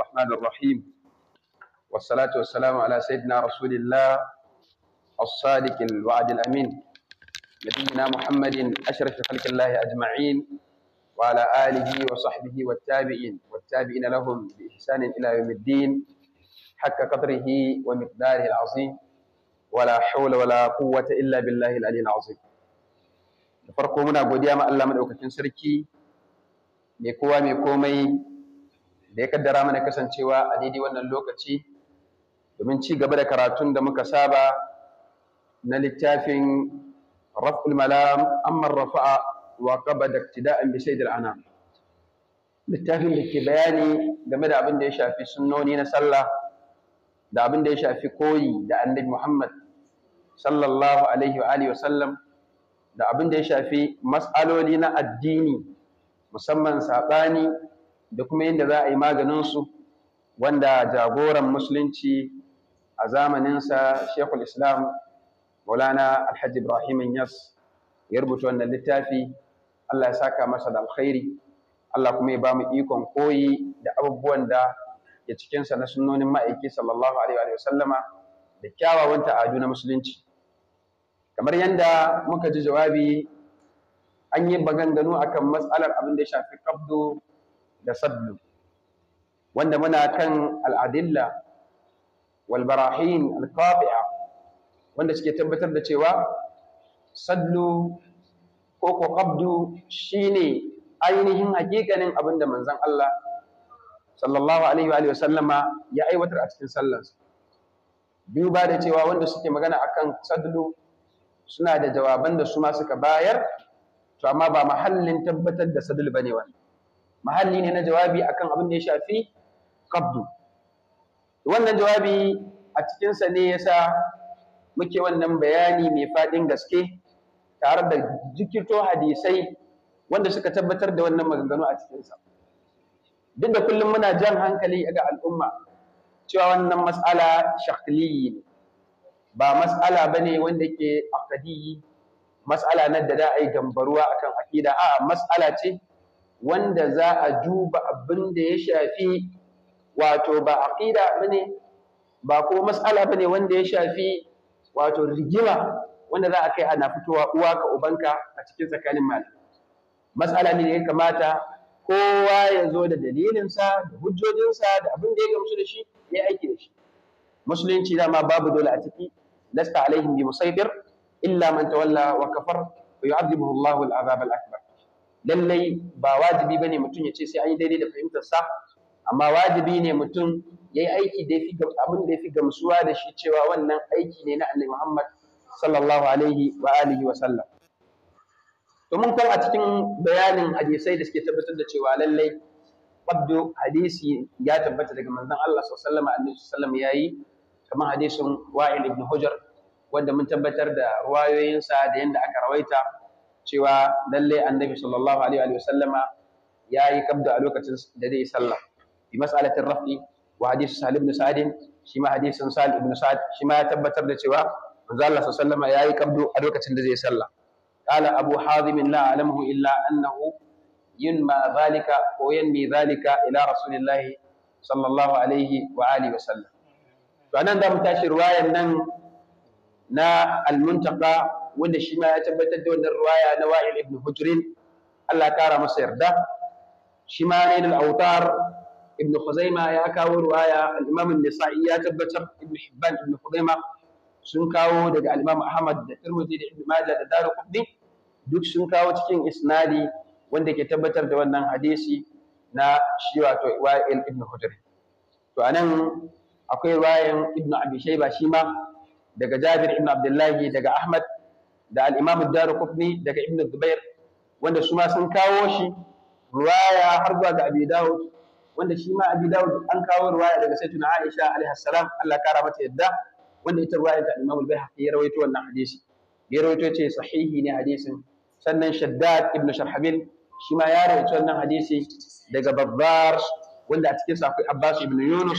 الرحمن الرحيم والصلاة والسلام على سيدنا رسول الله الصادق الوعد الأمين نبينا محمد أشرف خلق الله أجمعين وعلى آله وصحبه والتابعين والتابعين لهم بإحسان إلى يوم الدين حق قدره ومقداره العظيم ولا حول ولا قوة إلا بالله العلي العظيم farko muna godiya ma Allah madaukakin sarki mai kowa mai komai da ya kaddara mana kasancewa a daidai wannan lokaci domin ci gaba da karatun da muka saba na littafin raf'ul malam amman rafa'a wa qaba da iktida'an bi anam littafin da ke bayani game da abin da ya shafi sunnoni na sallah da abin da ya shafi koyi da annabi Muhammad sallallahu alaihi wa alihi wa sallam da abin da ya shafi mas'aloli na addini musamman saɓani. da kuma yadda za a yi maganinsu wanda jagoran musulunci a zamaninsa shekul islam maulana alhaji ibrahim yas ya rubuta wannan littafi allah ya saka masa da alkhairi allah kuma ya ba mu ikon koyi da abubuwan da ya cikinsa na sunnonin ma'aiki sallallahu alaihi wa sallama. da kyawawan ta'adu na musulunci kamar yadda muka ji jawabi an yi baganganu akan matsalar abin da ya shafi kabdo da sadlu, wanda muna kan al'adilla walbarahin, alfafiya, wanda suke tabbatar da cewa sallu ko ko qabdu ne ainihin hakikanin abinda manzan Allah sallallahu alaihi wa sallama ya aiwatar a cikin sallansu. biyu ba da cewa wanda suke magana akan sallu suna da jawaban da su ma suka bayar to amma ba mahallin tabbatar da ba ne wani. mahalli ne na jawabi akan abin da ya shafi kabdu wannan jawabi a cikinsa ne yasa muke wannan bayani mai faɗin gaske tare da jikito hadisai wanda suka tabbatar da wannan maganganu a cikinsa duk da kullum muna jan hankali ga al'umma cewa wannan mas'ala shakliyi ne ba mas'ala ba ne wanda ke akadiyi mas'ala na da za a yi gambaruwa akan akida a'a mas'ala ce wanda za a duba abin da ya shafi wato ba aqida bane ba ko mas'ala bane wanda ya shafi wato rigima wanda za a kai ana fitowa uwa ka ubanka a cikin tsakanin malamai mas'ala ne da ya kamata kowa ya zo da dalilinsa da hujjojinsa da abin da ya gamsu da shi ya aiki da shi musulunci dama babu dole a ciki lasta alaihim bi musaitir illa man tawalla wa kafar fa yu'adhibuhu Allahu al-'adhab al-akbar lallai ba wajibi ba ne mutum ya ce sai an yi daidai da fahimtar sa amma wajibi ne mutum yayi aiki da yafi abin da yafi gamsuwa da shi cewa wannan aiki ne na Annabi Muhammad sallallahu alaihi wa alihi wa sallam to mun kan a cikin bayanin hadisai da suke tabbatar da cewa lallai abdu hadisi ya tabbata daga manzon Allah sallallahu alaihi wa sallam yayi kamar hadisin Wa'il ibn Hujr wanda mun tabbatar da ruwayoyinsa da yanda aka rawaita cewa lalle annabi sallallahu alaihi wa sallama yayi kabda a lokacin da zai sallah bi mas'alatin raf'i wa hadisi Sahal ibn Sa'd shi ma hadisin Sahal ibn Sa'd shi ma ya tabbatar da cewa manzo Allah sallallahu alaihi yayi kabdu a lokacin da zai sallah qala Abu Hazim la alamuhu illa annahu yunma zalika ko yanmi zalika ila rasulillah sallallahu alaihi wa alihi wa sallam to anan da mu tashi riwayar nan na al-muntaqa wanda shi ma ya tabbatar da wannan ruwaya na Wa'il ibn Hujrin Allah kara masa yarda shi ma ne al autar ibn Khuzaima ya kawo ruwaya al-Imam an-Nisa'i ya tabbatar ibn Hibban ibn Khuzaima sun kawo daga al-Imam Ahmad da Tirmidhi da Ibn Majah da daruqutni duk sun kawo cikin isnadi wanda ke tabbatar da wannan hadisi na shi wato Wa'il ibn Hujrin to anan akwai ruwayan Ibn Abi Shayba shi ma daga Jabir ibn Abdullahi daga Ahmad da al-Imam kufni daga Ibn Zubair wanda su ma sun kawo shi ruwaya har zuwa ga Abi wanda shi ma Abi an kawo ruwaya daga saituna Aisha alaiha salam Allah kara mata yadda wanda ita ruwaya ta imamu al-Baihaqi ya rawaito wannan hadisi ya rawaito ce sahihi ne hadisin sannan Shaddad ibn Sharhabil shi ma ya rawaito wannan hadisi daga Babbar wanda a cikin sa akwai Abbas ibn Yunus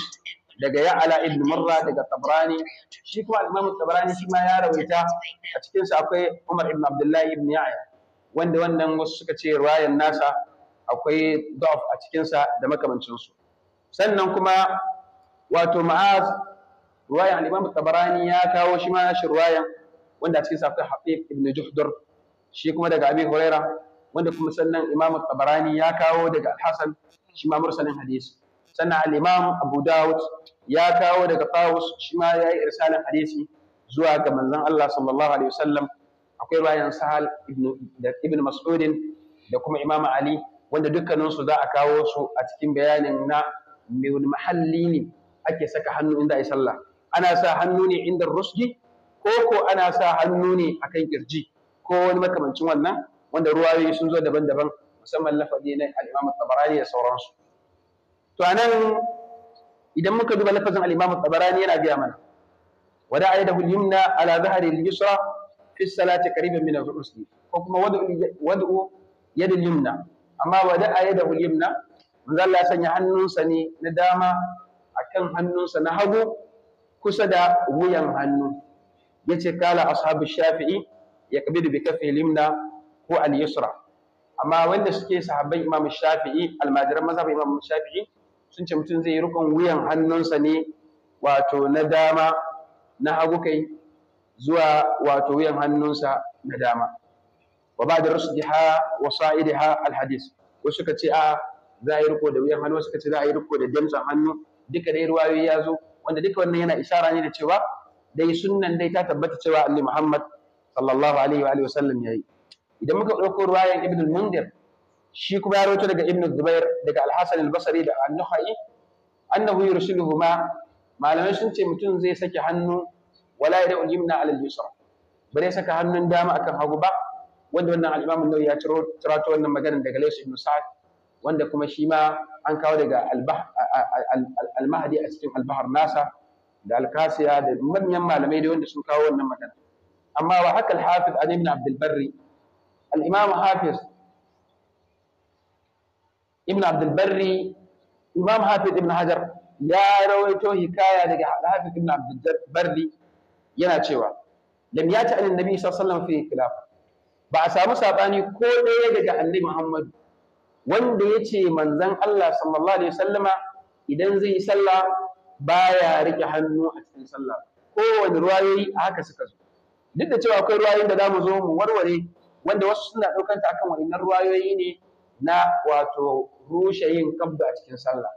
daga ya'ala ibn Murra daga tabrani shi kuma imam tabrani shi ma ya rawaita a cikin sa akwai umar ibn abdullahi ibn ya'ya wanda wannan wasu suka ce riwayan nasa akwai da'af a cikin sa da makamancin su sannan kuma wato ma'az riwayan al-imam tabrani ya kawo shi ma shi riwayan wanda a cikin sa akwai habib ibn juhdur shi kuma daga abi huraira wanda kuma sannan imam tabrani ya kawo daga al-hasan shi ma mursalin hadisi sannan al-imam abu dawud ya kawo daga Tawus shi ma ya yi irsalin hadisi zuwa ga manzon Allah sallallahu alaihi wasallam akwai bayan Sahal ibn Mas'ud da kuma Imam Ali wanda dukkaninsu za a kawo su a cikin bayanin na mai mahalli ne ake saka hannu inda ai sallah ana sa hannu ne inda rusgi ko ko ana sa hannu ne akan kirji ko wani makamancin wannan wanda ruwayoyi sun zo daban-daban musamman lafazi na al-Imam Tabarani da sauransu to anan idan muka duba lafazin al-Imam Tabarani yana biya mana wada ayadahu al-yumna ala dhahri al-yusra fi salati qariban min ar-rusli ko kuma wad'u wad'u yad al-yumna amma wada ayadahu al-yumna manzo Allah sanya hannunsa ne na dama akan hannunsa na hagu kusa da wuyan hannu yace kala ashabu shafi'i yakbidu bi kaffi al-yumna ko al-yusra amma wanda suke sahabban Imam Shafi'i almajiran mazhabin Imam Shafi'i sun ce mutum zai yi rukon wuyan hannunsa ne wato na dama na hagu kai zuwa wato wuyan hannunsa na dama wa ba da rusdiha wa ha alhadis wasu suka ce a za a yi riko da wuyan hannu wasu suka ce za a yi riko da damsan hannu duka dai ruwayoyi ya zo wanda duka wannan yana isara ne da cewa dai sunnan dai ta tabbata cewa annabi Muhammad sallallahu alaihi wa sallam ya yi. idan muka ɗauko ruwayan ibn al mundir shi kuma ya rawaito daga ibnu zubair daga al-hasan al-basri da an-nakhai annahu yursiluhuma malamai sun ce mutum zai saki hannu wala ya al-yumna ala al-yusra bare saka hannun dama akan hagu ba wanda wannan al-imam an-nawawi ya ciro tirato wannan maganar daga lays ibn sa'd wanda kuma shi ma an kawo daga al-mahdi a cikin al-bahr nasa da al-kasiya da manyan malamai da wanda sun kawo wannan magana amma wa haka hafiz an ibn abd al-barri al-imam hafiz ibn abdul imam hafiz ibn hajar ya rawaito hikaya daga hafiz ibn abdul yana cewa lam yati an annabi sallallahu alaihi wasallam fi ba a samu sabani ko ɗaya daga annabi Muhammadu. wanda ya ce manzon Allah sallallahu alaihi wasallama idan zai yi sallah baya rike hannu a cikin sallah kowane ruwayoyi a haka suka zo duk da cewa akwai ruwayoyin da za mu zo mu warware wanda wasu suna ɗaukanta akan wa'innan ruwayoyi ne na wato rushe yin kabdu a cikin sallah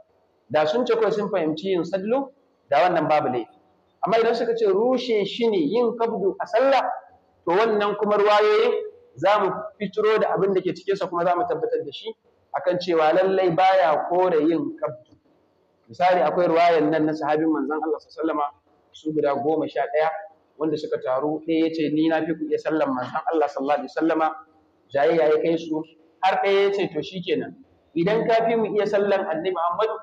da sun ce kawai sun fahimci yin sallu da wannan babu laifi amma idan suka ce rushe shi ne yin kabdu a sallah to wannan kuma ruwayoyin za mu fitro da abin da ke cikinsa kuma za mu tabbatar da shi akan cewa lallai baya kore yin kabdu misali akwai ruwayan nan na sahabin manzon Allah sallallahu su guda goma sha ɗaya wanda suka taru ɗaya ya ce ni na fi ku iya sallan manzon Allah sallallahu alaihi wasallama jayayya ya kai su har ɗaya ya ce to shikenan idan ka fi mu iya sallar annabi Muhammadu,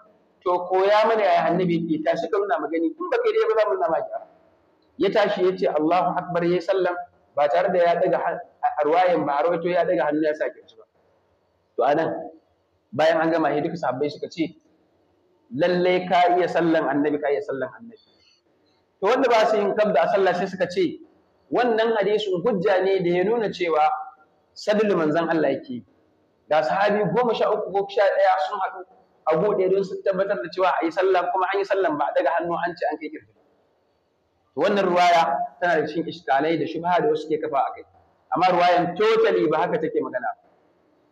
to koya mana yaya annabi ke tashi ka nuna magani in ba kai dai ba za mu nama maki ya tashi ya ce Allahu akbar ya sallan ba tare da ya daga arwayin ba arwato ya daga hannu ya sake ba to anan bayan an gama duka sahabbai suka ce lallai ka iya sallan annabi ka iya sallan annabi to wanda ba su yin kabda a sallah sai suka ce wannan hadisin hujja ne da ya nuna cewa sadulu manzon Allah yake da sahabi goma sha uku ko sha ɗaya sun haɗu a buɗe don su tabbatar da cewa a yi sallah kuma an yi sallah ba daga hannu an ce an kai kirki wannan ruwaya tana da cikin iskalai da shubha da wasu ke kafa a kai amma ruwayan totally ba haka take magana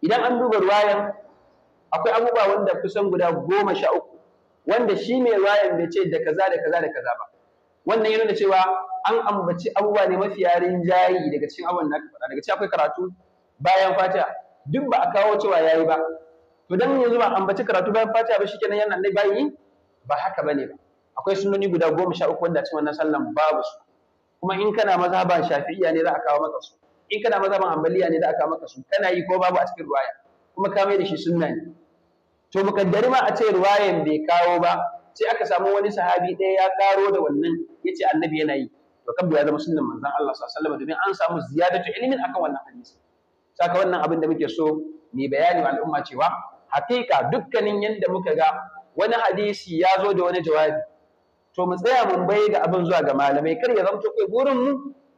idan an duba ruwayan akwai abubuwa wanda kusan guda goma sha uku wanda shi mai ruwayan bai ce da kaza da kaza da kaza ba wannan ya da cewa an ambaci abubuwa ne mafi yarin jayi daga cikin abubuwan da aka faɗa daga cikin akwai karatu bayan fatiha duk ba a kawo cewa ya yi ba to don yanzu ba ambaci karatu bayan fatiha ba shikenan yana annabi bayi ba haka bane ba akwai sunnoni guda goma sha uku wanda a cikin wannan sallan babu su kuma in kana mazhaban shafi'iyya ne za a kawo maka su in kana mazhaban hanbaliya ne za a kawo maka su kana yi ko babu a cikin ruwaya kuma ka mai da shi sunna ne to mukaddari ma a ce ruwayan bai kawo ba sai aka samu wani sahabi ɗaya ya karo da wannan ya ce annabi yana yi to kan ya zama sunnan manzon Allah sallallahu alaihi wasallam domin an samu ziyadatu ilimin akan wannan hadisi saka wannan abin da muke so ni bayani al'umma cewa Hakika dukkanin yanda muka ga wani hadisi ya zo da wani jawabi to mu tsaya mun bai da abin zuwa ga malamai kar ya zamto kai gurin mu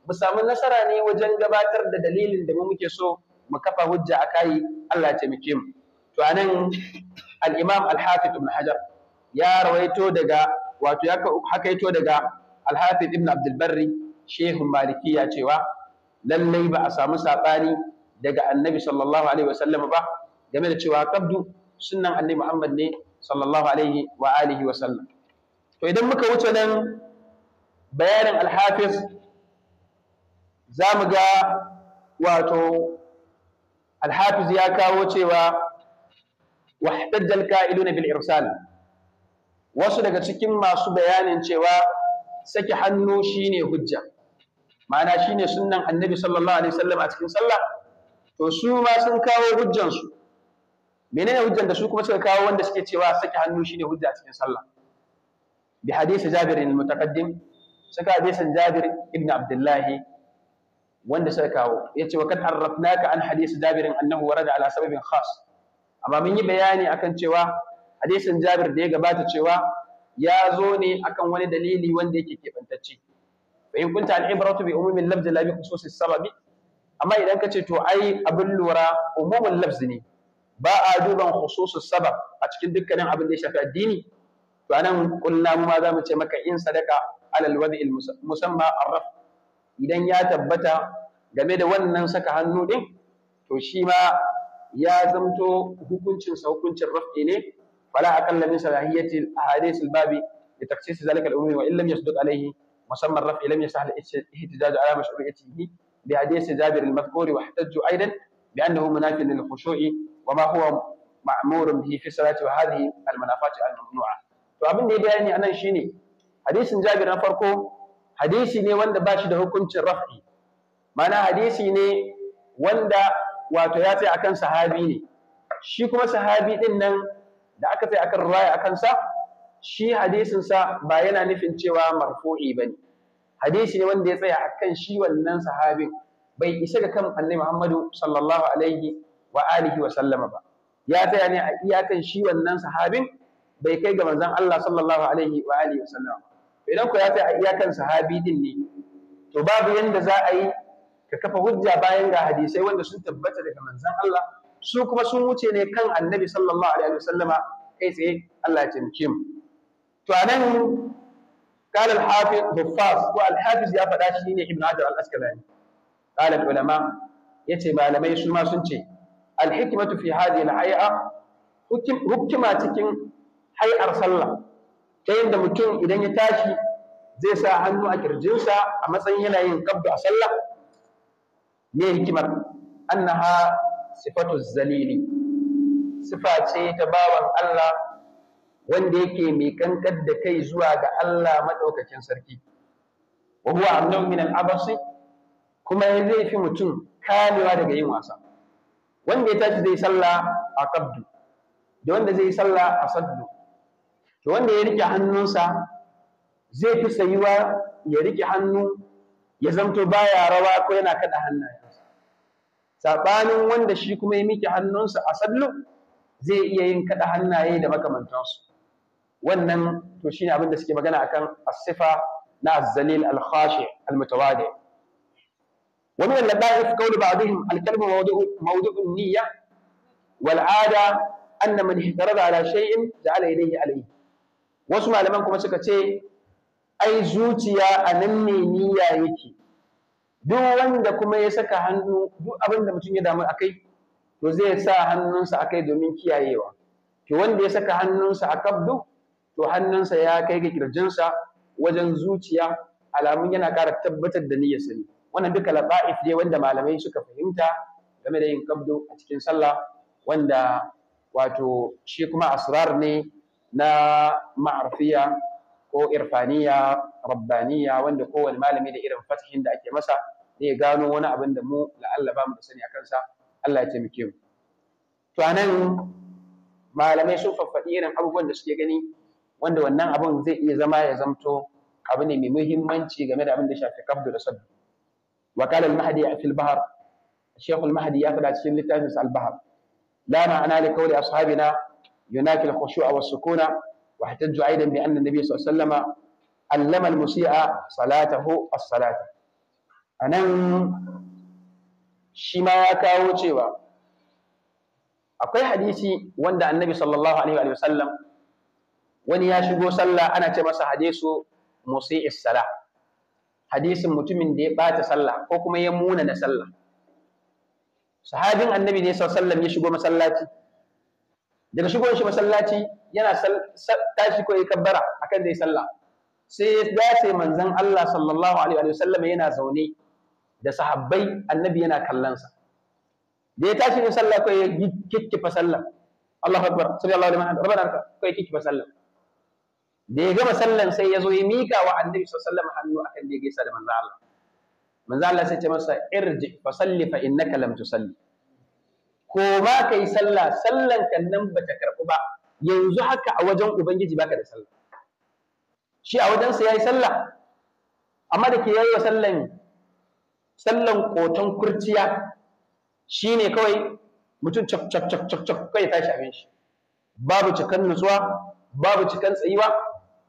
mu samu nasara ne wajen gabatar da dalilin da mu muke so mu kafa hujja a kai Allah ya taimake mu to anan al-Imam al-Hafiz Ibn Hajar ya rawaito daga wato ya hakaito daga al-Hafiz Ibn Abdul Barri shehun cewa lallai ba a samu saɓani. daga annabi sallallahu alaihi wasallam ba game da cewa kabdu sunnan annabi Muhammad ne sallallahu alaihi wa alihi wasallam to idan muka wuce nan bayanin alhafiz za mu ga wato alhafiz ya kawo cewa wahdajjal ka'iluna bil irsal wasu daga cikin masu bayanin cewa saki hannu shine hujja ma'ana shine sunnan annabi sallallahu alaihi wasallam a cikin sallah to su ma sun kawo hujjansu menene hujjan da su kuma suka kawo wanda suke cewa saki hannu shine hujja a cikin sallah bi hadisi Jabir ibn Mutaqaddim suka hadisin Jabir ibn Abdullah wanda suka kawo yace wa kad arrafnaka an hadisi Jabir annahu warada ala sababin khas amma mun yi bayani akan cewa hadisin Jabir da ya gabata cewa ya zo ne akan wani dalili wanda yake kebantacce fa in kunta al-ibratu bi umumi al-lafzi la bi sababi amma idan ka ce to ai abin lura umumin lafzi ne ba a duban khususus sabab a cikin dukkanin abin da ya shafi addini to anan kullu mu ma zamu ce maka in sadaka alal wad'il musamma arraf idan ya tabbata game da wannan saka hannu din to shi ma ya zamto hukuncin sa hukuncin raf'i ne wala aqalla min salahiyati ahadith al-babi li takhsis zalika al-umri wa illam yasduq alayhi musamma ar-raf'i lam yasahal ihtijaj ala mashru'iyatihi بحديث جابر المذكور واحتجوا أيضا بأنه مناف للخشوع وما هو مأمور به في الصلاة وهذه المنافات الممنوعة فأبن دي يعني أنا شيني حديث جابر نفركو حديثي ني وند باشي ده حكمت رفعي معنى حديثي ني وند wato ya tsaya akan sahabi ne shi kuma sahabi din nan da aka tsaya akan riwaya akan sa shi hadisin sa ba yana nufin cewa marfu'i bane hadisi ne wanda ya tsaya akan shi wannan sahabin bai isa ga kan annabi Muhammadu sallallahu alaihi wa alihi wa sallama ba ya tsaya ne a iyakan shi wannan sahabin bai kai ga manzon Allah sallallahu alaihi wa alihi wa sallama idan ku ya tsaya a iyakan sahabi din ne to babu yanda za a yi ka kafa hujja bayan ga hadisai wanda sun tabbata daga manzon Allah su kuma sun wuce ne kan annabi sallallahu alaihi wa sallama kai tsaye Allah ya taimake to anan قال الحافظ حفاظ والحافظ يا فدا شي ne ibn hajar al-asqalani قال العلماء yace malamai suma sun ce al-hikmatu fi hadhihi al-hay'a hukuma cikin Hai'ar sallah ta yadda mutum idan ya tashi zai sa hannu a kirjinsa a matsayin yana yin qabdu a sallah me hikimar annaha sifatu zalili sifa ce ta bawan Allah wanda yake mai kankar da kai zuwa ga Allah maɗaukacin sarki wa huwa min al-abasi kuma zai fi mutum kamewa daga yin wasa wanda ya tashi zai sallah a kabdu da wanda zai sallah a saddu to wanda ya rike hannunsa zai fi sayuwa ya rike hannu ya zamto baya rawa ko yana kada hannayensa sabanin wanda shi kuma ya miki hannunsa a sallu zai iya yin kada hannaye da makamantansu wannan to shine abin da suke magana akan as-sifa na az-zalil al-khashi al-mutawadi wa min al-ladaif qawlu ba'dihim al-kalbu mawdu'u mawdu'u an-niyya wal-'ada anna man ihtarada ala shay'in ja'ala ilayhi alayhi wasu malaman kuma suka ce ai zuciya a nan ne niyya yake duk wanda kuma ya saka hannu duk abin da mutum ya damu akai to zai sa hannunsa akai domin kiyayewa to wanda ya saka hannunsa a kabdu to hannunsa ya kai ga kirjinsa wajen zuciya alamun yana ƙara tabbatar da niyyar sani wannan duka laba'if ne wanda malamai suka fahimta game da yin kabdo a cikin sallah wanda wato shi kuma asrar ne na ma'arfiya ko irfaniya rabbaniya wanda kowane malami da irin fatihin da ake masa ne gano wani abin da mu la'alla ba mu da sani a kansa Allah ya taimake mu to anan malamai sun faffaɗi irin abubuwan da suke gani wanda wannan abin zai iya zama ya zamto abu ne mai muhimmanci game da abin da shafi kabdu da sabbi wa qala al-mahdi fi al-bahr shaykh al-mahdi ya fada cikin littafin sa al-bahr la ma'ana li qawli ashabina yunafi al-khushu'a was-sukuna wa hatajju aidan bi anna nabiy sallallahu alaihi wasallam allama al-musi'a salatahu as-salata anan shi ma ya kawo cewa akwai hadisi wanda annabi sallallahu alaihi wa sallam wani ya shigo sallah ana ce masa hadisu musi'is salah hadisin mutumin da ya bata sallah ko kuma ya muna na sallah sahabin annabi ne sallallahu ya shigo masallaci daga shigo shi masallaci yana tashi ko ya kabbara akan dai sallah sai ya dace manzon Allah sallallahu alaihi wa sallam yana zaune da sahabbai annabi yana kallonsa da ya tashi ne sallah ko ya kikkifa sallah Allahu akbar sallallahu alaihi wasallam sallam rabbana ko ya kikkifa sallah da ya gama sallan sai ya zo ya mika wa annabi sallallahu alaihi hannu akan da ya gaisa da manzo Allah manzo Allah sai ce masa irji fa salli fa innaka lam tusalli ko ba ka yi sallah sallan kan nan bata karbu ba yanzu haka a wajen ubangiji baka da sallah shi a wajensa yayi sallah amma da ke yayi sallan sallan koton kurciya shine kawai mutum chak chak chak chak kai tashi abin shi babu cikan nutsuwa babu cikan tsayuwa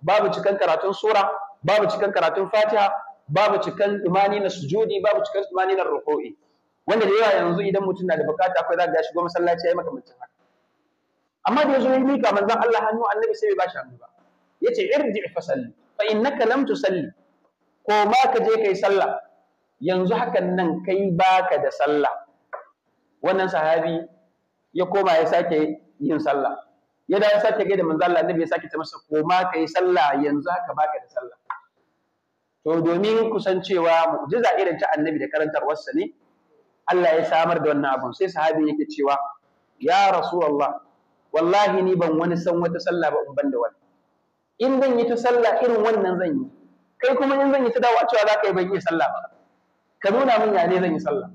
babu cikan karatun sura babu cikan karatun fatiha babu cikan imani na sujudi babu cikan imani na ruku'i wanda da yawa yanzu idan mutum na da bukata akwai za ga shigo masallaci yayi makamancin haka amma da yazo yayi mika manzon Allah hannu annabi sai bai bashi hannu ba yace irji fa salli fa innaka lam tusalli ko ma ka je kai sallah yanzu hakan nan kai baka da sallah wannan sahabi ya koma ya sake yin sallah ya dawo sake gaida manzo Allah annabi ya sake ta masa koma kai sallah yanzu haka baka da sallah to domin kusancewa mu'jiza irin ta annabi da karantarwarsa ne Allah ya samar da wannan abun sai sahabi yake cewa ya rasulullah wallahi ni ban wani san wata sallah ba in ban da wani in zan yi ta sallah irin wannan zan yi kai kuma in zan yi ta dawo cewa za ka yi ban yi sallah ba ka nuna min ya ne zan yi sallah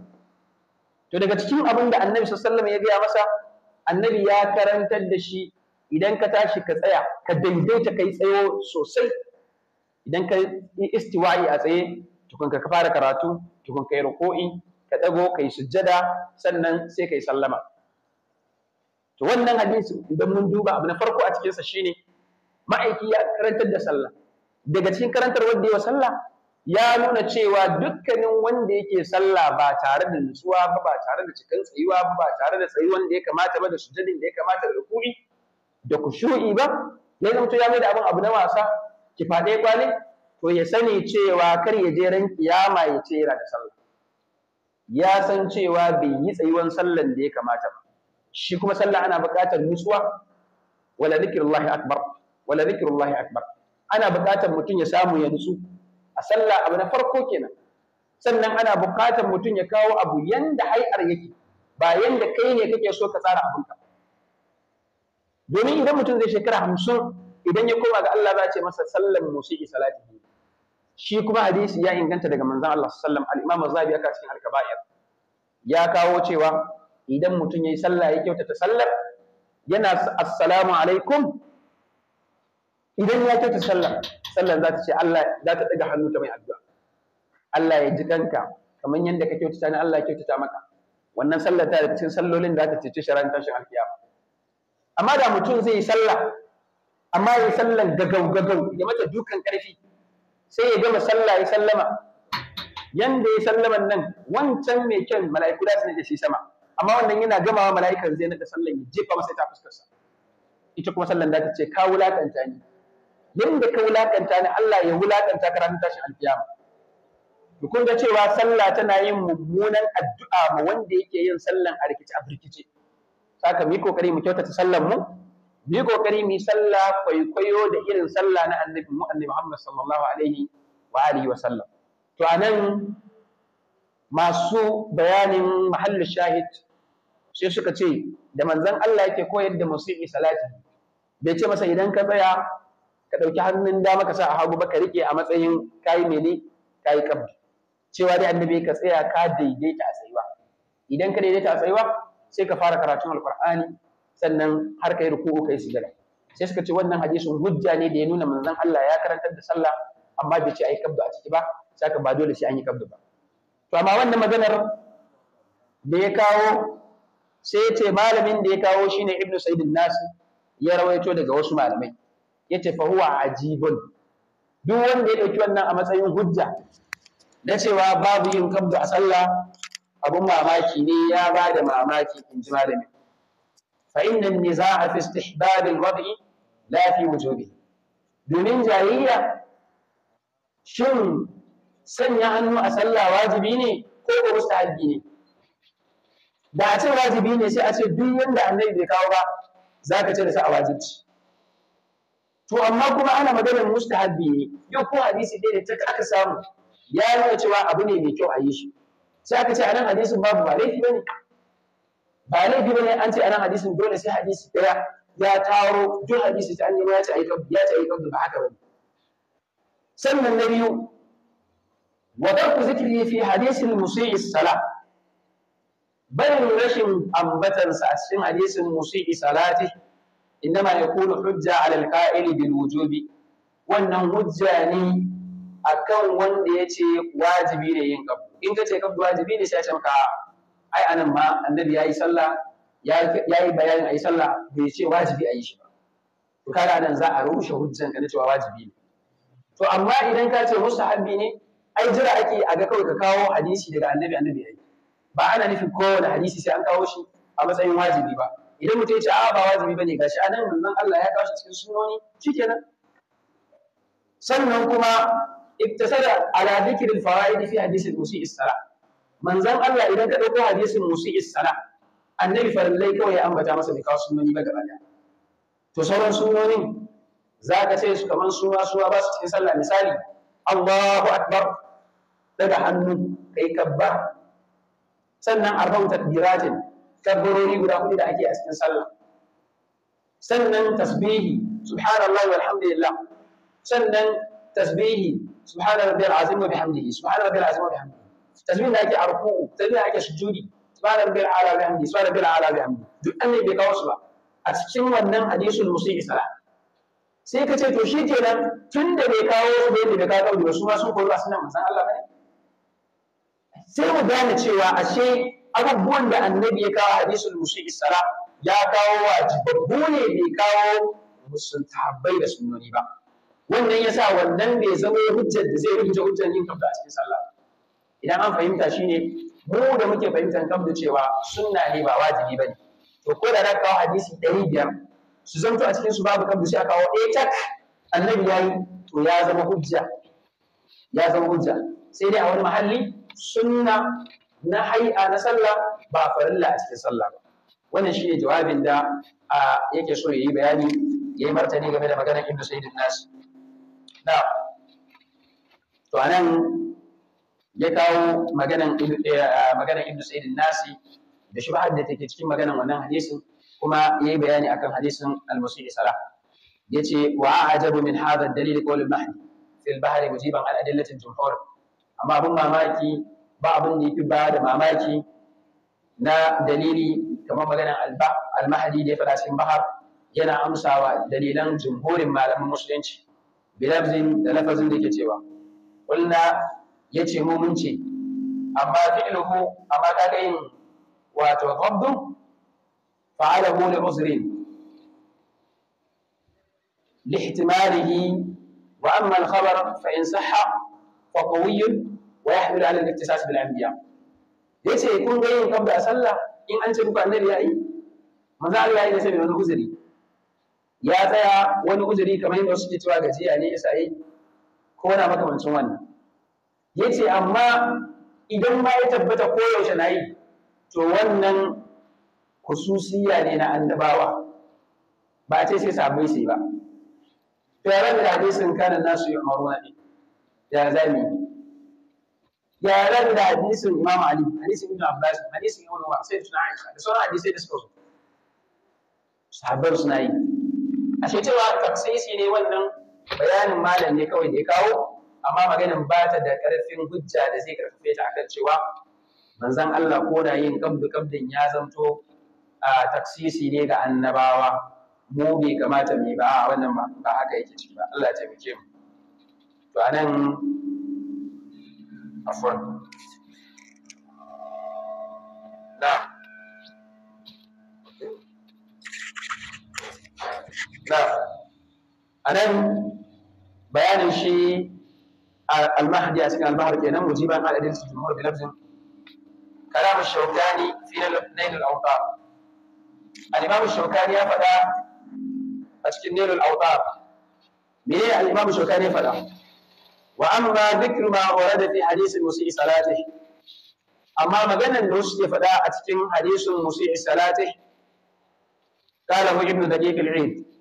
to daga cikin abin da annabi sallallahu alaihi wasallam ya gaya masa annabi ya karantar da shi idan ka tashi ka tsaya ka daidaita kai tsayo sosai idan ka yi istiwa'i a tsaye tukun ka fara karatu tukun ka yi ruku'i ka ɗago, ka yi sujjada sannan sai ka yi sallama to wannan hadisi idan mun duba abu na farko a cikinsa shine ma'aiki ya karantar da sallah daga cikin karantar wanda ya sallah ya nuna cewa dukkanin wanda yake sallah ba tare da nutsuwa ba ba tare da cikin tsayuwa ba ba tare da tsayuwan da ya kamata ba da sujjadin da ya kamata da ruku'i da kushu'i ba na zama ya mai da abin abu na wasa ki faɗe kwali to ya sani cewa kar ya je ran kiyama ya ce yana da sallah ya san cewa bai yi tsayuwan sallan da ya kamata ba shi kuma sallah ana buƙatar nutsuwa wala zikrullahi akbar wala zikrullahi akbar ana buƙatar mutum ya samu ya nutsu a sallah abu na farko kenan sannan ana buƙatar mutum ya kawo abu yanda hai'ar yake ba yanda kai ne kake so ka tsara abinka ba domin idan mutum zai shekara hamsin idan ya koma ga Allah za a ce masa sallan musi'i salatihi shi kuma hadisi ya inganta daga manzan Allah sallam al-Imam Zabi aka cikin al-Kaba'ir ya kawo cewa idan mutum ya yi sallah ya kyautata sallar yana assalamu alaikum idan ya kyautata sallar sallar za ta ce Allah za ta daga hannu ta mai addu'a Allah ya ji kanka kamar yadda ka kyautata ne Allah ya kyautata maka wannan sallar ta da cikin sallolin da ta cece shi ran tashin alkiyama amma da mutum zai yi sallah amma ya yi sallan gagau gagau ya mata dukan ƙarfi sai ya gama sallah ya sallama yanda ya sallaman nan wancan mai kyan mala'iku da su ne da shi sama amma wannan yana gamawa mala'ikan zai naka sallan ya jefa masa ta fuskarsa ita kuma sallan da ta ce ka wulakanta ni yanda ka wulakanta ni Allah ya wulakanta ka ranar tashin alkiyama dukun da cewa sallah tana yin mummunan addu'a ma wanda yake yin sallan a rikice a rikice saka mu yi kokari mu kyautata sallar mu mu yi kokari mu yi sallah kwaikwayo da irin sallah na annabi mu annabi Muhammad sallallahu alaihi wa alihi wa sallam to anan masu bayanin mahallu shahid sai suka ce da manzon Allah yake koyar da musibi salati bai ce masa idan ka tsaya ka ɗauki hannun dama ka sa a hagu ba ka rike a matsayin kai mene kai kabri cewa dai annabi ka tsaya ka daidaita a tsayuwa idan ka daidaita a tsayuwa sai ka fara karatun alkur'ani sannan har ka kai ruku'u kai sujada sai suka ce wannan hadisin hujja ne da ya nuna manzon Allah ya karantar da sallah amma bai ce yi kabdu a ciki ba saka ba dole sai an yi kabdu ba to amma wannan maganar da ya kawo sai ya ce malamin da ya kawo shine ibnu sa'id an-nasi ya rawaito daga wasu malamai yace fa huwa ajibun duk wanda ya dauki wannan a matsayin hujja na cewa babu yin kabdu a sallah abun mamaki ne ya ba da mamaki in ji malami fa inna niza'a fi istihbab al-wad'i la fi wujubi domin jayayya shin sanya hannu a sallah wajibi ne ko ko mustahabi ne da a ce wajibi ne sai a ce duk wanda annabi bai kawo ba zaka ce da sa a wajibi. to amma kuma ana maganar mustahabi ne duk ko hadisi dai da ta aka samu ya nuna cewa abu ne mai kyau a yi shi sai aka ce a nan hadisin babu ba laifi ne? ba laifi ne an ce a nan hadisin dole sai hadisi ɗaya ya taro duk hadisi ta annabi ya ce ayi kabdu ya ce ayi kabdu ba haka ba ne. sannan na biyu wa tarku zikri fi hadisin musii salat barin rashin ambatansa a cikin hadisin musii salati innama yakunu hujja ala alqa'ili bil wujubi wannan hujja ne akan wanda yace wajibi ne yin kabdu in ka ce ka kan wajibi ne sai ce maka ai anan ma annabi yayi sallah yayi bayanin ayi sallah bai ce wajibi ayi shi ba to kaga nan za a rushe hujjan ka na cewa wajibi ne to amma idan ka ce mustahabbi ne ai jira ake a ga kawai ka kawo hadisi daga annabi annabi yayi ba ana nufin kowane hadisi sai an kawo shi a matsayin wajibi ba idan mutum ya ce a ba wajibi bane gashi anan manzon Allah ya kawo shi cikin sunoni shikenan sannan kuma iktasara ala dhikril fawaid fi hadisin musi isra manzon Allah idan ka dauko hadisin musi isra annabi farallai kawai ya ambata masa bai kawo sunoni ba gaba daya to sauran sunonin za ka ce su kamar suwa suwa ba su cikin sallah misali Allahu akbar daga hannu kai kabbar sannan arba'u takbiratin kabbarori guda hudu da ake a cikin sallah sannan tasbihi subhanallah sannan tasbihi subhana rabbiyal azim wa bihamdihi subhana rabbiyal azim wa bihamdihi tasbih da ake a ruku'u tasbih da ake sujudi subhana rabbiyal ala wa bihamdihi subhana rabbiyal ala wa bihamdihi duk annabi bai kawo ba a cikin wannan sai ka ce to shi nan tun da bai kawo su yadda bai kawo kauli ba su ma sun koyi a sunan manzon Allah sai mu gane cewa ashe abubuwan da annabi ya kawo hadisul musii sala ya kawo wajibabbu ne bai kawo musultabbai da sunnoni ba wannan yasa wannan bai zama hujjar da zai rubuta hujjar yin kabda a cikin sallah idan an fahimta shine mu da muke fahimtar kabda cewa sunna ne ba wajibi bane to ko da na kawo hadisi ɗari biyar su zanto a cikin su babu kabda sai a kawo ɗaya tak annabi ya yi to ya zama hujja ya zama hujja sai dai a wani mahalli sunna na hai'a na sallah ba farilla a cikin sallah ba wannan shine jawabin da yake so ya yi bayani ya yi martani game da maganar ibnu Sayyid nas to anan ya kawo maganan eh, maganan ibnu sa'id nasi da shubhar da take cikin maganan wannan hadisin kuma yayi bayani akan hadisin al-musii salah yace wa ajabu min hadha ad-dalil qawl al-mahdi fi al-bahr mujiban an adillati al-jumhur amma abun mamaki ba abun da yake ba da mamaki na dalili kamar maganan al-mahdi da ya fada cikin bahar yana amsawa dalilan jumhurin malaman musulunci bilafzin da lafazin da yake cewa qulna yace mu mun ce amma fi'luhu amma kaga yin wato ghabdu fa'alahu li uzrin lihtimalihi wa amma al-khabar fa in sahha fa qawiyyun wa yahmilu ala al-ittisas bil anbiya yace kun ga yin a sallah in an ce muku annabi yayi manzo Allah yayi da sai wani uzuri ya tsaya wani uzuri kamar yadda suke cewa gajiya ne yasa yi ko na makamancin wannan ce amma idan ma ya tabbata koyaushe na yi to wannan kususiya ne na annabawa ba ce sai sabai sai ba yaran da hadisin kana nasu yi maruwa ne ya zami yaran da hadisin imam ali hadisin ibn abbas hadisin ibn umar sai suna aisha da sauran hadisai da suka zo sabar suna yi ashe cewa taksisi ne wannan bayanin malam ne kawai da ya kawo amma maganin ba ta da ƙarfin hujja da zai karfafe ta akan cewa manzon Allah ko da yin kabdu kabdin ya zanto a taksisi ne ga annabawa mu bai kamata mu ba wannan ba haka yake ciki ba Allah ya taimake mu to anan afwan na a nan bayanin shi al-mahdi a cikin al-bahar kenan mujiban adadin su jumhur bi lafzin kalam ash-shawkani fi nail al-awtar al-imam ash-shawkani ya faɗa a cikin nail al-awtar me al-imam ash ya faɗa wa amma dhikru ma warada fi hadith al-musii salatihi amma maganar da wasu ke faɗa a cikin hadisin musi'i salatihi قاله ابن دقيق العيد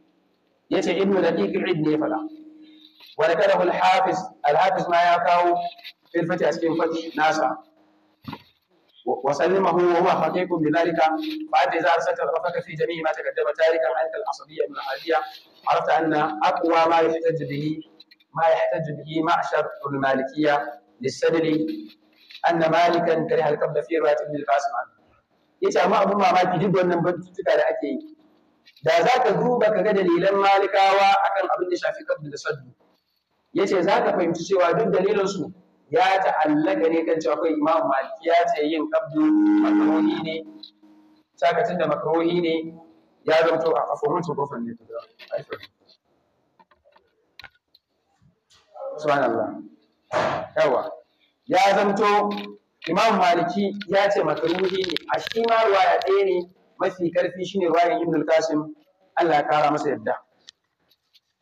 yace ibnu daqiq al ne fada wa dakarahu al-hafiz al-hafiz ma ya kawo fil fati a cikin fati nasa wa sallamahu wa huwa haqiqun bi dhalika fa ta za saka rafaka fi jami'i ma taqaddama tarikan an al-asabiyya min al-hadiyya arafta anna aqwa ma yahtaj bihi ma yahtaj bihi ma'shar al-malikiyya للسدلي أن مالكا كره القبض في رواية ابن القاسم عنه. يتعمى أبو ماماكي جدا من da ake yi. da za ka duba ka ga dalilan malikawa akan abin da shafi kan da saddu yace za ka fahimci cewa duk dalilin ya ta'allaka ne kan cewa akwai imam maliki ya ce yin kabdu makarohi ne sakacin da makarohi ne ya zamto a su kofar ne subhanallah yawa ya zamto imam maliki ya ce makaruhi ne a shi ma ya ɗaya ne mafi karfi shine bayan ibn al-qasim Allah ya kara masa yadda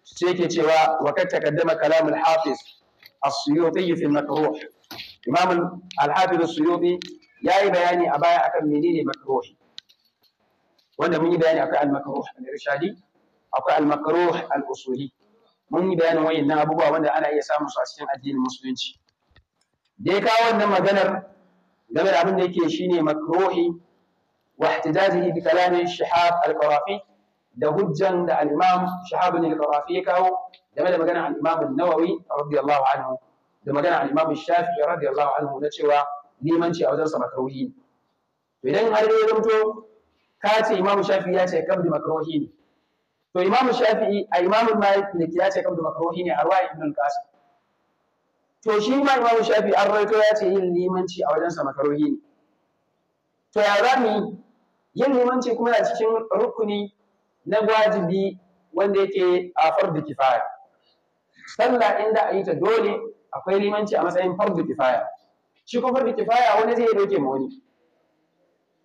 sai yake cewa wa kad taqaddama kalam al-hafiz as-suyuti fi makruh imam al-hafiz as-suyuti yayi bayani a baya akan menene makruh wanda mun yi bayani akan al-makruh al-irshadi akwai al-makruh al-usuli mun yi bayanin wayannan abubuwa wanda ana iya samun su a cikin addinin musulunci da ya kawo wannan maganar game da abin da yake shine makruhi wa ihtijajihi bi kalami shihab al-qarafi da hujjan da al-imam shihab ya kawo game da magana al-imam an-nawawi radiyallahu anhu da magana al-imam shafi'i radiyallahu anhu na cewa limanci a wajen sa makruhi to idan har dai zamto ka ce imam ya ce kabdi makruhi to imam shafi'i a imam malik ya ce kabdi makruhi ne a to shi ma imam shafi'i an rawaito ya ce yin limanci a wajen sa to ya rami yin limanci kuma yana cikin rukuni na wajibi wanda yake a fardu kifaya sallah inda a yi ta dole akwai limanci a matsayin fardu kifaya shi kuma fardu kifaya wani zai doke ma wani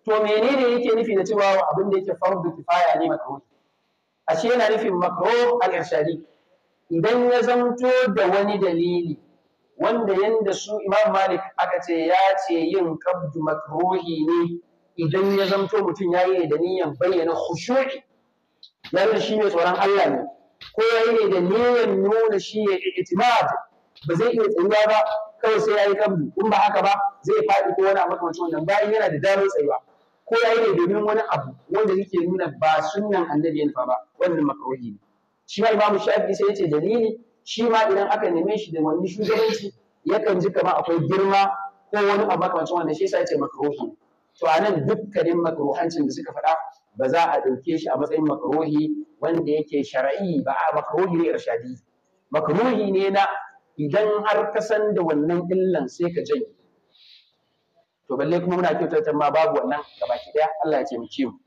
to menene yake nufi da cewa abin da yake fardu kifaya ne makaruhi ashe yana nufin makruh al-irshadi idan ya zanto da wani dalili wanda yanda su Imam Malik aka ce ya ce yin kabdu makruhi ne idan ya zanto mutum ya yi da niyyar bayyana khushu'i ya yi shi ne tsoron Allah ne ko ya yi da niyyar nuna shi ne itimad ba zai iya tsayuwa ba kawai sai ya yi kabdu in ba haka ba zai faɗi ko wani abu kamar wannan bayan yana da damar tsayuwa ko ya yi ne domin wani abu wanda yake nuna ba sunnan annabi ya nufa ba wannan makaruhi ne shi ma imamu shafi sai ya ce dalili shi ma idan aka neme shi da wani shugabanci yakan ji kamar akwai girma ko wani abu kamar wanda shi yasa ya ce makaruhi ne to a nan dukkanin makaruhancin da suka faɗa ba za a ɗauke shi a matsayin makaruhi wanda yake shara'i ba a makaruhi ne irshadi makaruhi ne na idan har ka san da wannan illan sai ka janye to balle kuma muna kyautata ma babu wannan gabaki daya Allah ya taimake mu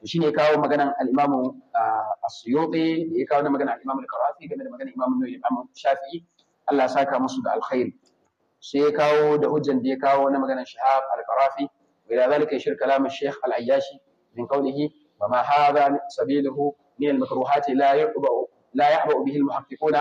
to shine kawo maganan al-Imam As-Suyuti da ya kawo maganan al-Imam Al-Qarafi game da maganan Imam Nawawi Shafi'i Allah ya saka musu da alkhairi sai ya kawo da hujjan da ya kawo na maganan Shahab Al-Qarafi وإلى ذلك يشير كلام الشيخ العياشي من قوله وما هذا سبيله من المكروهات لا يعبأ لا يعبأ به المحققون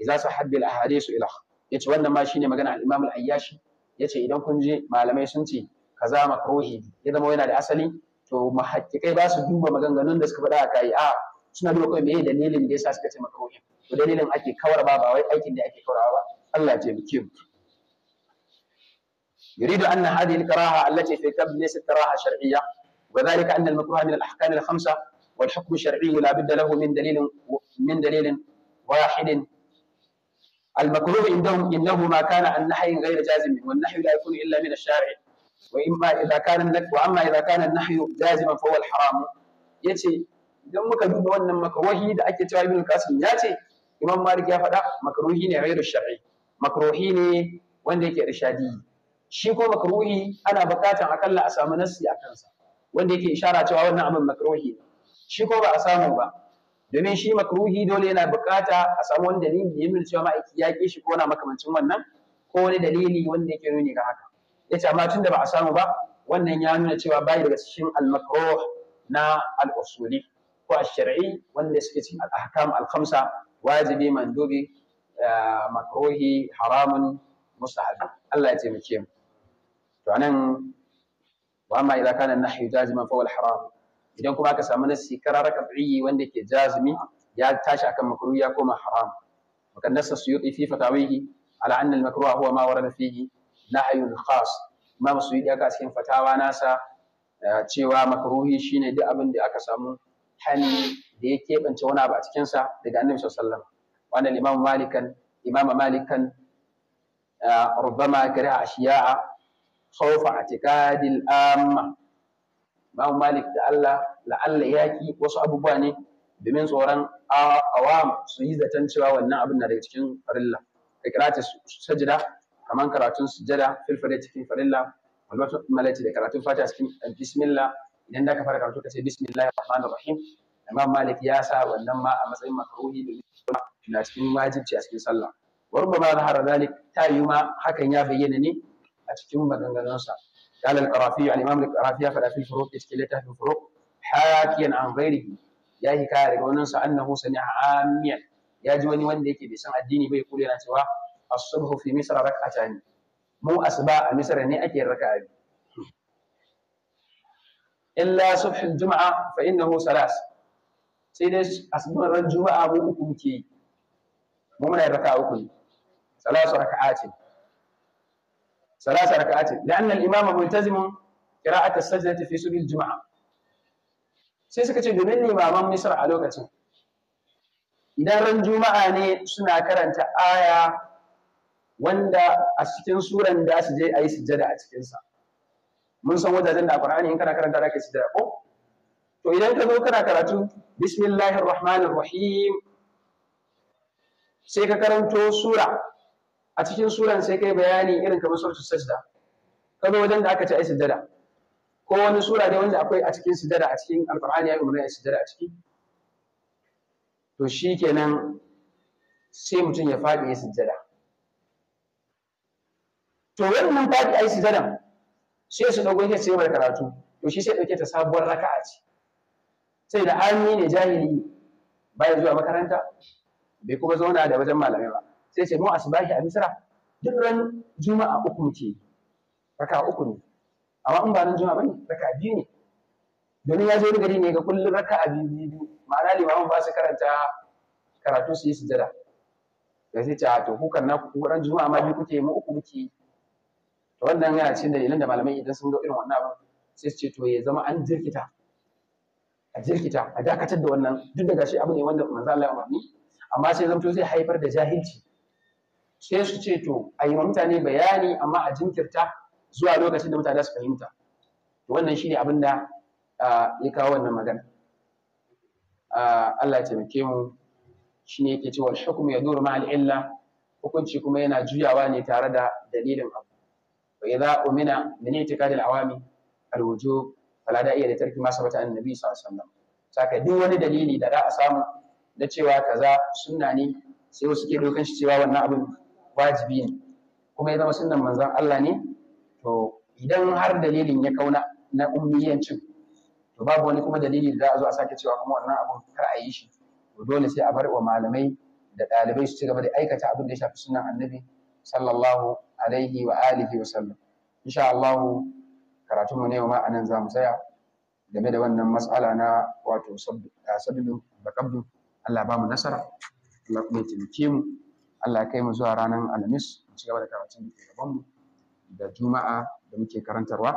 إذا صحت بالأحاديث إلى yace wannan ma shine magana al-Imam al-Ayyashi yace idan kun je malamai sun ce kaza makruhi ya zama yana da asali to muhaqqiqai ba su duba maganganun da suka faɗa a kai a suna duba kawai meye dalilin da yasa suka ce makruhi to dalilin ake kawar ba ba wai aikin da ake kawarwa ba Allah ya taimake mu يريد أن هذه الكراهة التي في الكتاب ليست كراهة شرعية وذلك أن المكروه من الأحكام الخمسة والحكم الشرعي لا بد له من دليل من دليل واحد المكروه عندهم إنه ما كان عن نحي غير جازم والنحي لا يكون إلا من الشارع وإما إذا كان وأما إذا كان النحي جازما فهو الحرام يأتي idan muka duba wannan makaruhi da ake cewa ibn qasim ya ce imam malik ya faɗa makaruhi ne ghairu shar'i makaruhi ne wanda yake irshadi shi ko makruhi ana buƙatar akalla a samu nassi a kansa wanda yake ishara cewa wannan abin makruhi ne shi ko ba a samu ba domin shi makruhi dole yana buƙata a samu wani dalili da ya cewa ma'aiki ya ƙi shi ko na makamancin wannan ko wani dalili wanda yake nuni ga haka yace amma da ba a samu ba wannan ya nuna cewa baya daga cikin al-makruh na al-usuli ko a shari wanda suke cikin al-ahkam al-khamsa wajibi mandubi eh, makruhi haramun mustahabi Allah ya taimake mu to anan wa amma idza kana nahyu jaziman fa wal haram idan kuma aka samu nasi karara qat'i wanda ke jazimi ya tashi akan makruh ya koma haram وقد نص السيوطي في فتاويه على أن المكروه هو ما ورد فيه نهي خاص ما مسوي أكا أسكن فتاوى ناسا cewa makruhi shine duk abin da aka samu hani da ya keɓance wani abu a cikinsa daga annabi sallallahu wannan imam malikan imam malikan eh, rubbama ashiya'a khawfa i'tiqadil amma Imam Malik da Allah la'alla yaki wasu abubuwa ne domin tsoron awam su yi zaton cewa wannan abin na daga cikin farilla da karatu sajida kamar karatun sujada filfare cikin farilla malati da karatun fata cikin eh, bismillah idan da ka fara karatu ka ce bismillahir rahmanir rahim Imam Malik ya sa wannan ma a matsayin makaruhi da na cikin wajibci a cikin sallah wa rubbama zahara zalik ta yi ma hakan ya bayyana ne أتتم بنغنوسا قال القرافي يعني ما ملك القرافي فلا في الفروق اشتلت أهل الفروق حاكيا عن غيره يا هكاري وننسى أنه سمع عاميا يا جواني وانديكي بسمع الديني بيقول لنا سوا الصبح في مصر ركعتان مو أسباء مصر نأتي الركعب إلا صبح الجمعة فإنه ثلاث سيدس أسبوع الجمعة أبو أكمتي مو من الركعة أكمتي ثلاث ركعات ثلاث ركعات لأن الإمام ملتزم قراءة السجدة في سبيل الجمعة sai suka ce domin limaman misra a lokacin idan ran juma'a ne suna karanta aya wanda a cikin suran da su je a yi sujjada a cikinsa mun san wajajen da qur'ani in kana karanta da ka sujjada ko to idan ka zo kana karatu bismillahir rahmanir rahim sai ka karanto sura a cikin suran sai kai bayani irin kamar suratul sajda ka wajen da aka ce ai sujjada ko wani sura dai wanda akwai a cikin sujjada a cikin alqur'ani ya umarni ai sujjada a ciki to shikenan sai mutum ya faɗi ya sujjada to wannan fadi ai sujjadan sai su dago sai mai karatu to shi sai dauke ta sabuwar raka'a ce sai da ami ne jahili baya zuwa makaranta bai kuma zauna da wajen malamai ba sai ce mu asbahi a misra duk ran juma'a uku muke raka uku ne amma in ba ran juma'a bane raka biyu ne domin ya zo gari ne ga kullun raka a biyu biyu ma'ana limamin ba su karanta karatu su yi sujada da sai ta to kukan na ku ran juma'a ma biyu kuke mu uku muke to wannan yana cikin dalilan da malamai idan sun ga irin wannan abin sai su ce to ya zama an jirkita a jirkita a dakatar da wannan duk da gashi abu ne wanda manzo Allah ya umarni amma sai zamto zai haifar da jahilci sai su ce to a yi wa mutane bayani amma a jinkirta zuwa lokacin da mutane su fahimta wannan shine abin da ya kawo wannan magana Allah ya taimake mu shine yake cewa ya duru ma illa hukunci kuma yana juyawa ne tare da dalilin abu wa idza umina min i'tiqad al-awami al-wujub fala da iya da tarki ma sabata annabi sallallahu alaihi wasallam saka duk wani dalili da za a samu da cewa kaza sunna ne sai wasu ke dokan shi cewa wannan abin wajibi ne kuma ya zama sunnan manzon Allah ne to idan har dalilin ya kauna na ummiyancin to babu wani kuma dalili da za a zo a sake cewa kuma wannan abun kar a yi shi to dole sai a bar wa malamai da ɗalibai su ci gaba da aikata abin da ya shafi sunan annabi sallallahu alaihi wa alihi wa sallam insha Allah karatunmu ne ma anan za mu tsaya game da wannan mas'ala na wato sabbin da kabdu Allah ba mu nasara Allah kuma ya taimake mu Allah ya kai mu zuwa ranar alhamis mu ci gaba da karatun da ke gaban mu da juma'a da muke karantarwa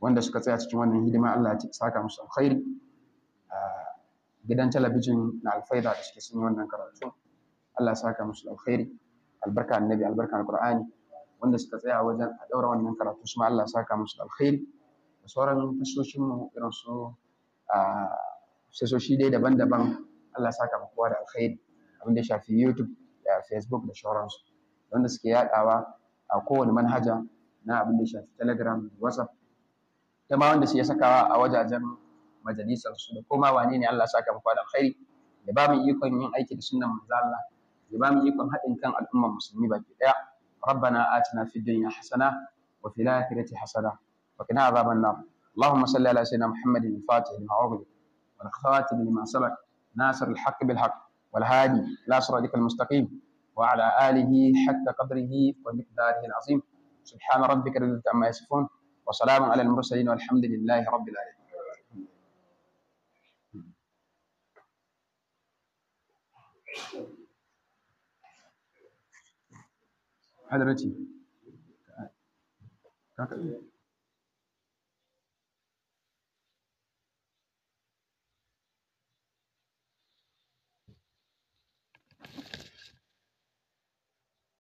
wanda suka tsaya cikin wannan hidima Allah ya saka musu alkhairi gidan talabijin na alfaida da suke sun yi wannan karatu Allah ya saka musu alkhairi albarka annabi albarka alqur'ani wanda suka tsaya wajen a daura wannan karatu su ma Allah ya saka musu alkhairi da sauran tashoshin mu irin su a dai daban-daban Allah ya saka mu kowa da alkhairi abin da shafi YouTube facebook da shauransu wanda suke yadawa a kowane manhaja na abin da shafi telegram da whatsapp ta ma wanda suke sakawa a wajajen majalisarsu su da koma wane ne Allah saka muku da alkhairi ya ba mu ikon yin aiki da sunnan manzo Allah ya ba mu ikon haɗin kan al'ummar musulmi baki ɗaya ربنا آتنا في الدنيا حسنة وفي الآخرة حسنة وقنا عذاب النار اللهم صل على سيدنا محمد الفاتح لما أغلق والخاتم لما سبق ناصر الحق بالحق والهادي لا صراطك المستقيم وعلى آله حتى قدره ومقداره العظيم سبحان ربك رب العزة عما يصفون وسلام على المرسلين والحمد لله رب العالمين حضرتي